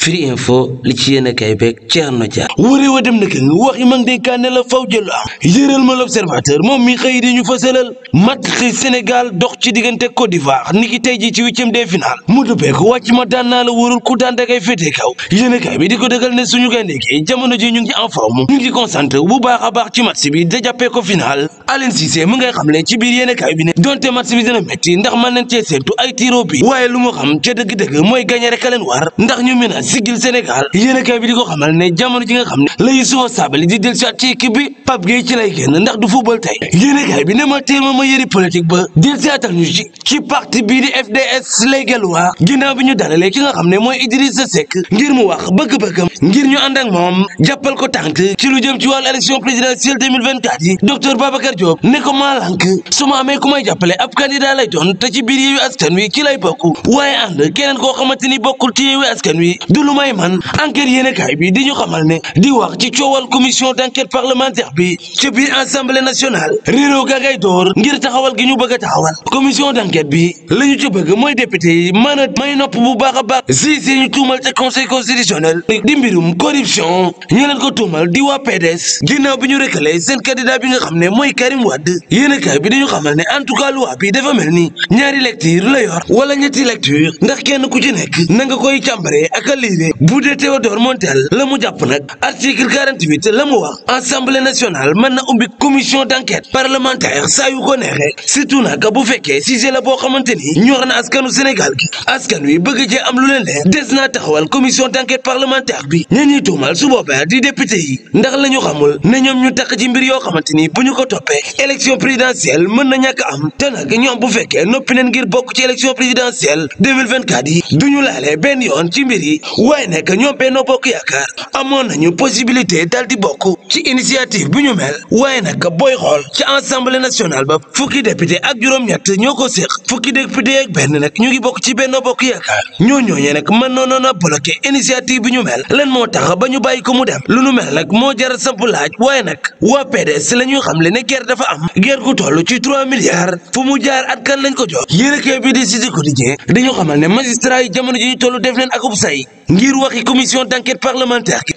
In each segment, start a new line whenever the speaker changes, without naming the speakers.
Firi Info li ci yéen kay beeg Thierno Dia. wëree wa dem na ka nga wax yi mag day kànne la faw jëlu am yëral ma l'observateur moom mi xëy di ñu fësalal mat xëy Sénégal dox ci diggante Côte d'Ivoire ni ki tey ji ci huitième de finale mu dubbee ko wàcc ma daan naa la ku daan dagay féete kaw yéen kay bi di ko dëggal ne suñu gaynde gi jamono ji ñu ngi en forme ñu ngi concentré baax a baax ci match bi da jàppee ko final Aliou Cissé mu ngay xamle ci biir yéen kay bi ne donte match bi dina métti nañ cee séentu ay waaye lu mu xam ca mooy gagné rek a ndax siggil Sénégal yéenekaay bi di ko xamal ne jamono ji nga xam ne la Youssoupha Sabaly di del siwaat ci équipe bi Pape Gueye ci lay génn ndax du football tey yéenekaay bi ne ma téema ma yëri politique ba del siwaatal ñu ci ci parti bii di FDS lay gelluwaa ginnaaw bi ñu dalalee ki nga xam ne mooy Idrissa Seck ngir mu wax bëgg-bëggam ngir ñu ànd ak moom jàppal ko tànk ci lu jëm ci wal élection présidentielle 2024 yi docteur Babacar Diop ne ko maa lànk su ma may jàppale ab candidat lay te ci biir Yewwi Askan Wi ci lay ni bokkul ci Yewwi du lu may man enquête yéenekaay bi di ñu xamal ne di wax ci coowal commission d'enquête parlementaire bi ci biir assemblée nationale réeróo ga door ngir taxawal gi ñu bëgg a taxawal commission d'enquête bi la ñu ci bëgg mooy député yi maanaam may nopp bu baax a baax si si ñu tuumal ca conseil constitutionnel di mbirum corruption ñu leen ko tuumal di waa PDS ginnaaw bi ñu rëkkale seen candidat bi nga xam ne mooy Karim Wade yéenekaay bi dañu xamal ne en tout cas loi bi dafa mel ni ñaari lecture la yor wala ñetti lecture ndax kenn ku ci a lii arrivé bu dee Théodore Montel la mu jàpp nag article 48 la mu wax assemblée nationale mën na ubbi commission d' enquête parlementaire saa yu ko neexee surtout nag bu fekkee sujet la boo xamante ni ñor na askanu Sénégal gi askan wi bëgg cee am lu leen leer des naa taxawal commission d' enquête parlementaire bi ña ñuy tuumal su boobaa ndax la ñu xamul ne ñoom ñu takk ci mbir yoo xamante ni bu ñu ko toppee élection présidentielle mën na ñàkk am te nag ñoom bu fekkee noppi neen ngir bokk ci élection présidentielle 2024 yi du ñu laale benn yoon ci mbir yi waaye nekk ñoom Benno Bokk Yaakaar amoon nañu possibilité dal di bokk ci initiative bi ñu mel waaye nag booy xool ci assemblée nationale ba fukki député ak juróom-ñett ñoo ko séq fukki député ak benn nag ñu ngi bokk ci Benno Bokk Yaakaar ñoo ñooñee nag mën noonoon a bloqué initiative bi ñu mel lan moo tax ba ñu bàyyi ko mu dem lu nu mel nag moo jar samp laaj waaye nag waa PDS la ñuy xam le ne guerre dafa am guerre gu toll ci trois milliards fu mu jaar at kan lañ ko jox yéen a kii bi di xamal ne magistrat yi jamono ji ñu def leen akub say ngir waxi commission d' enquête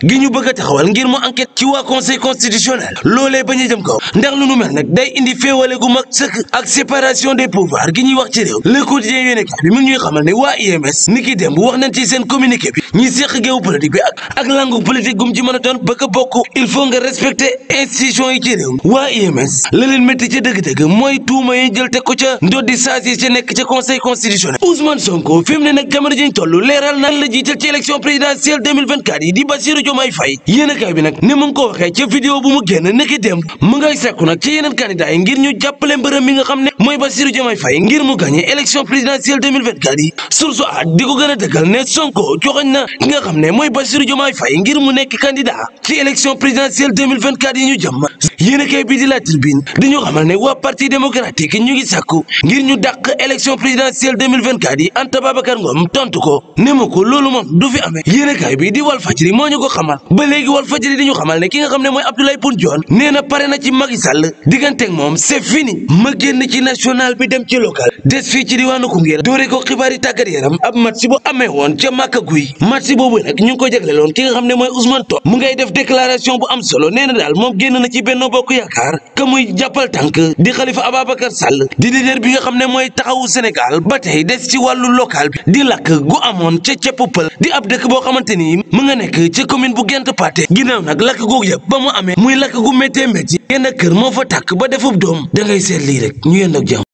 gi ñu bëgg a taxawal ngir mu enquête ci waa conseil constitutionnel loolee bañ a jëm kaw ndax lu nu mel nag day indi féewale gu mag sëkk ak séparation des pouvoirs gi ñuy wax ci réew le quotidien yéene bi mi ñuy xamal ne waa IMS ni ki démb wax nañ seen communiqué bi ñi séq géew politique bi ak ak langu politique gum ci mën a doon bokk il faut nga respecter institution yi ci réew waa IMS la leen métti ca dëgg-dëgg mooy tuuma yi jël te ko ca ndoddi saasi ca nekk ca conseil constitutionnel Ousmane Sonko fi élection présidentielle 2024 yi di Bassirou Diomaye Faye yéenekaay bi nag ni mu ngi ko waxee bu mu génn niki démb mu ngay sàkku nag ci yeneen candidat ngir ñu jàppale mbërëm nga xam ne mooy Bassirou Diomaye Faye ngir mu gagné élection présidentielle 2024 yi source a di ko gën a dëggal ne Sonko joxoñ na ki nga xam ne mooy Bassirou Diomaye Faye ngir mu nekk candidat ci élection présidentielle 2024 ñu jëm yéenekaay bi di La di ñu xamal ne waa parti démocratique ñu ngi sàkku fi amee yéenekaay bi di Walfadjri moo ñu ko xamal ba léegi Walfadjri di xamal ne ki nga xam ne mooy Abdoulaye Pound Dionne nee na pare na ci Macky Sall digganteeg moom c'est fini ma génn ci national bi dem ci local des fii ci diwaanu Koungheul doore ko xibaari tàggat yaram ab match si bu amee woon ca Maka Guy match si boobu nag ñu ngi ko jagleloon ki nga xam ne mooy Ousmane Top mu ngay def déclaration bu am solo nee na daal moom génn na ci benn Bokk Yaakaar ka muy jàppal tànk di Khalifa Ababacar Sall di leader bi nga xam ne mooy taxawu Sénégal ba tey des ci wàllu local bi di lakk gu amoon ca Cepp Pël ab dëkk boo xamante ni mu nga nekk ci commune bu Gént Pathé ginnaaw nag lakk googu yëpp ba mu amee muy lakk gu méttee métti genn kër moo fa tàkk ba defub doom dangay ngay seet lii rek ñu yendoo ak jàmm